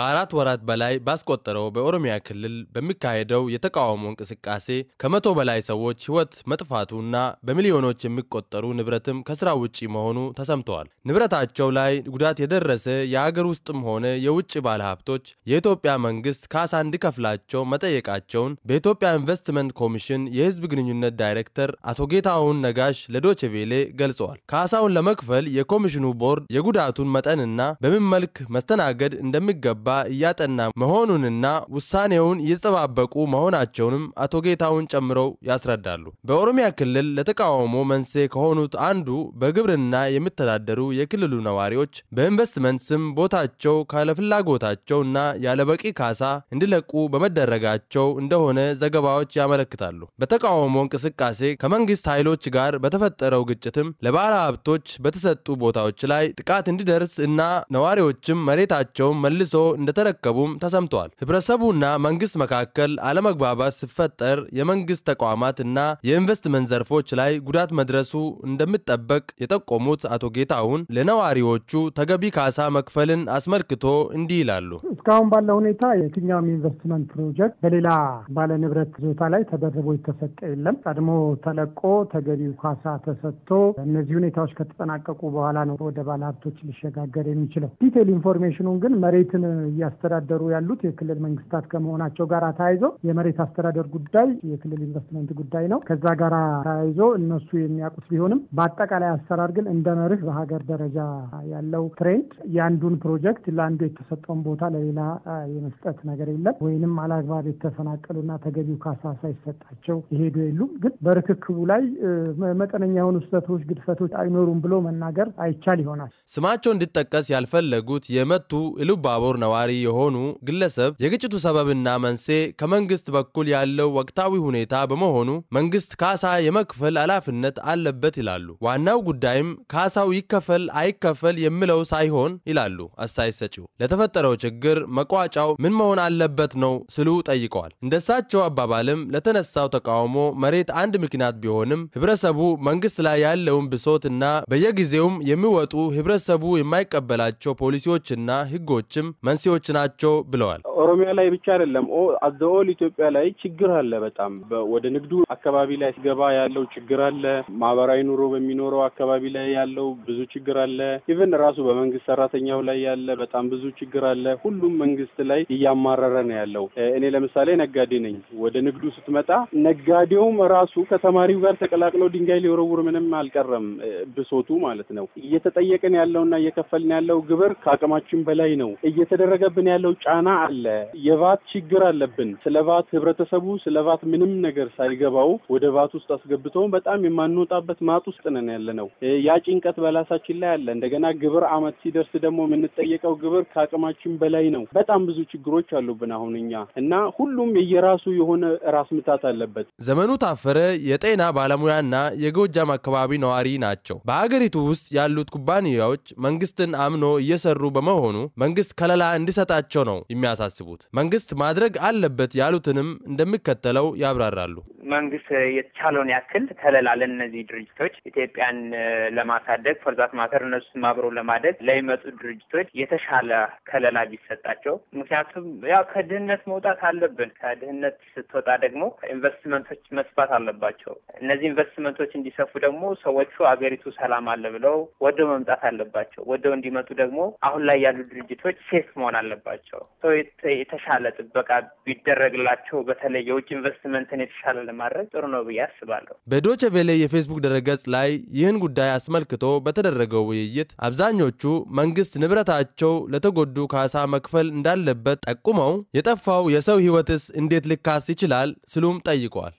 ከአራት ወራት በላይ ባስቆጠረው በኦሮሚያ ክልል በሚካሄደው የተቃውሞ እንቅስቃሴ ከመቶ በላይ ሰዎች ሕይወት መጥፋቱና በሚሊዮኖች የሚቆጠሩ ንብረትም ከስራ ውጪ መሆኑ ተሰምተዋል። ንብረታቸው ላይ ጉዳት የደረሰ የአገር ውስጥም ሆነ የውጭ ባለሀብቶች የኢትዮጵያ መንግስት ካሳ እንዲከፍላቸው መጠየቃቸውን በኢትዮጵያ ኢንቨስትመንት ኮሚሽን የህዝብ ግንኙነት ዳይሬክተር አቶ ጌታሁን ነጋሽ ለዶችቬሌ ገልጸዋል። ካሳውን ለመክፈል የኮሚሽኑ ቦርድ የጉዳቱን መጠንና በምን መልክ መስተናገድ እንደሚገባ እንደሚገባ እያጠና መሆኑንና ውሳኔውን እየተጠባበቁ መሆናቸውንም አቶ ጌታውን ጨምረው ያስረዳሉ። በኦሮሚያ ክልል ለተቃውሞ መንስኤ ከሆኑት አንዱ በግብርና የሚተዳደሩ የክልሉ ነዋሪዎች በኢንቨስትመንት ስም ቦታቸው ካለፍላጎታቸው እና ያለበቂ ካሳ እንዲለቁ በመደረጋቸው እንደሆነ ዘገባዎች ያመለክታሉ። በተቃውሞ እንቅስቃሴ ከመንግስት ኃይሎች ጋር በተፈጠረው ግጭትም ለባለ ሀብቶች በተሰጡ ቦታዎች ላይ ጥቃት እንዲደርስ እና ነዋሪዎችም መሬታቸውን መልሶ እንደተረከቡም ተሰምተዋል። ህብረተሰቡና መንግስት መካከል አለመግባባት ሲፈጠር የመንግስት ተቋማት እና የኢንቨስትመንት ዘርፎች ላይ ጉዳት መድረሱ እንደሚጠበቅ የጠቆሙት አቶ ጌታሁን ለነዋሪዎቹ ተገቢ ካሳ መክፈልን አስመልክቶ እንዲህ ይላሉ። እስካሁን ባለው ሁኔታ የትኛውም ኢንቨስትመንት ፕሮጀክት በሌላ ባለ ንብረት ይዞታ ላይ ተደርቦ የተሰጠ የለም። ቀድሞ ተለቆ ተገቢው ካሳ ተሰጥቶ እነዚህ ሁኔታዎች ከተጠናቀቁ በኋላ ነው ወደ ባለ ሀብቶች ሊሸጋገር የሚችለው። ዲቴል ኢንፎርሜሽኑን ግን መሬትን እያስተዳደሩ ያሉት የክልል መንግስታት ከመሆናቸው ጋር ተያይዞ የመሬት አስተዳደር ጉዳይ የክልል ኢንቨስትመንት ጉዳይ ነው። ከዛ ጋር ተያይዞ እነሱ የሚያውቁት ቢሆንም በአጠቃላይ አሰራር ግን እንደ መርህ በሀገር ደረጃ ያለው ትሬንድ የአንዱን ፕሮጀክት ለአንዱ የተሰጠውን ቦታ ለሌላ የመስጠት ነገር የለም ወይንም አላግባብ የተፈናቀሉና ተገቢው ካሳ ሳይሰጣቸው የሄዱ የሉም። ግን በርክክቡ ላይ መጠነኛ የሆኑ ስህተቶች፣ ግድፈቶች አይኖሩም ብሎ መናገር አይቻል ይሆናል። ስማቸው እንዲጠቀስ ያልፈለጉት የመቱ ኢሉባቦር ነው ነዋሪ የሆኑ ግለሰብ የግጭቱ ሰበብና መንሴ ከመንግስት በኩል ያለው ወቅታዊ ሁኔታ በመሆኑ መንግስት ካሳ የመክፈል ኃላፊነት አለበት ይላሉ። ዋናው ጉዳይም ካሳው ይከፈል አይከፈል የሚለው ሳይሆን ይላሉ አስተያየት ሰጪው፣ ለተፈጠረው ችግር መቋጫው ምን መሆን አለበት ነው ስሉ ጠይቀዋል። እንደሳቸው አባባልም ለተነሳው ተቃውሞ መሬት አንድ ምክንያት ቢሆንም ህብረተሰቡ መንግስት ላይ ያለውን ብሶት እና በየጊዜውም የሚወጡ ህብረተሰቡ የማይቀበላቸው ፖሊሲዎችና ህጎችም መንስኤዎች ናቸው ብለዋል። ኦሮሚያ ላይ ብቻ አይደለም፣ አዘኦል ኢትዮጵያ ላይ ችግር አለ። በጣም ወደ ንግዱ አካባቢ ላይ ሲገባ ያለው ችግር አለ። ማህበራዊ ኑሮ በሚኖረው አካባቢ ላይ ያለው ብዙ ችግር አለ። ኢቨን ራሱ በመንግስት ሰራተኛው ላይ ያለ በጣም ብዙ ችግር አለ። ሁሉም መንግስት ላይ እያማረረ ነው ያለው። እኔ ለምሳሌ ነጋዴ ነኝ። ወደ ንግዱ ስትመጣ ነጋዴውም ራሱ ከተማሪው ጋር ተቀላቅለው ድንጋይ ሊወረውር ምንም አልቀረም። ብሶቱ ማለት ነው። እየተጠየቅን ያለውና እየከፈልን ያለው ግብር ከአቅማችን በላይ ነው እየተደ እየተደረገብን ያለው ጫና አለ። የቫት ችግር አለብን። ስለ ቫት ህብረተሰቡ ስለ ቫት ምንም ነገር ሳይገባው ወደ ቫት ውስጥ አስገብቶ በጣም የማንወጣበት ማጥ ውስጥ ነን ያለ ነው። ያ ጭንቀት በላሳችን ላይ አለ። እንደገና ግብር አመት ሲደርስ ደግሞ የምንጠየቀው ግብር ከአቅማችን በላይ ነው። በጣም ብዙ ችግሮች አሉብን አሁን እኛ እና ሁሉም የየራሱ የሆነ ራስ ምታት አለበት። ዘመኑ ታፈረ የጤና ባለሙያና የጎጃም አካባቢ ነዋሪ ናቸው። በአገሪቱ ውስጥ ያሉት ኩባንያዎች መንግስትን አምኖ እየሰሩ በመሆኑ መንግስት ከለላ እንዲሰጣቸው ነው የሚያሳስቡት። መንግስት ማድረግ አለበት ያሉትንም እንደሚከተለው ያብራራሉ። መንግስት የተቻለውን ያክል ከለላ ለእነዚህ ድርጅቶች ኢትዮጵያን ለማሳደግ ፈርዛት ማተር እነሱ አብረው ለማደግ ለሚመጡ ድርጅቶች የተሻለ ከለላ ቢሰጣቸው። ምክንያቱም ያው ከድህነት መውጣት አለብን። ከድህነት ስትወጣ ደግሞ ኢንቨስትመንቶች መስፋት አለባቸው። እነዚህ ኢንቨስትመንቶች እንዲሰፉ ደግሞ ሰዎቹ አገሪቱ ሰላም አለ ብለው ወደው መምጣት አለባቸው። ወደው እንዲመጡ ደግሞ አሁን ላይ ያሉ ድርጅቶች ሴፍ መሆን አለባቸው። ሰው የተሻለ ጥበቃ ቢደረግላቸው በተለይ የውጭ ኢንቨስትመንትን የተሻለ ማድረግ ጥሩ ነው ብዬ አስባለሁ። በዶቼ ቬለ የፌስቡክ ድረገጽ ላይ ይህን ጉዳይ አስመልክቶ በተደረገው ውይይት አብዛኞቹ መንግስት ንብረታቸው ለተጎዱ ካሳ መክፈል እንዳለበት ጠቁመው የጠፋው የሰው ህይወትስ እንዴት ልካስ ይችላል ስሉም ጠይቋል።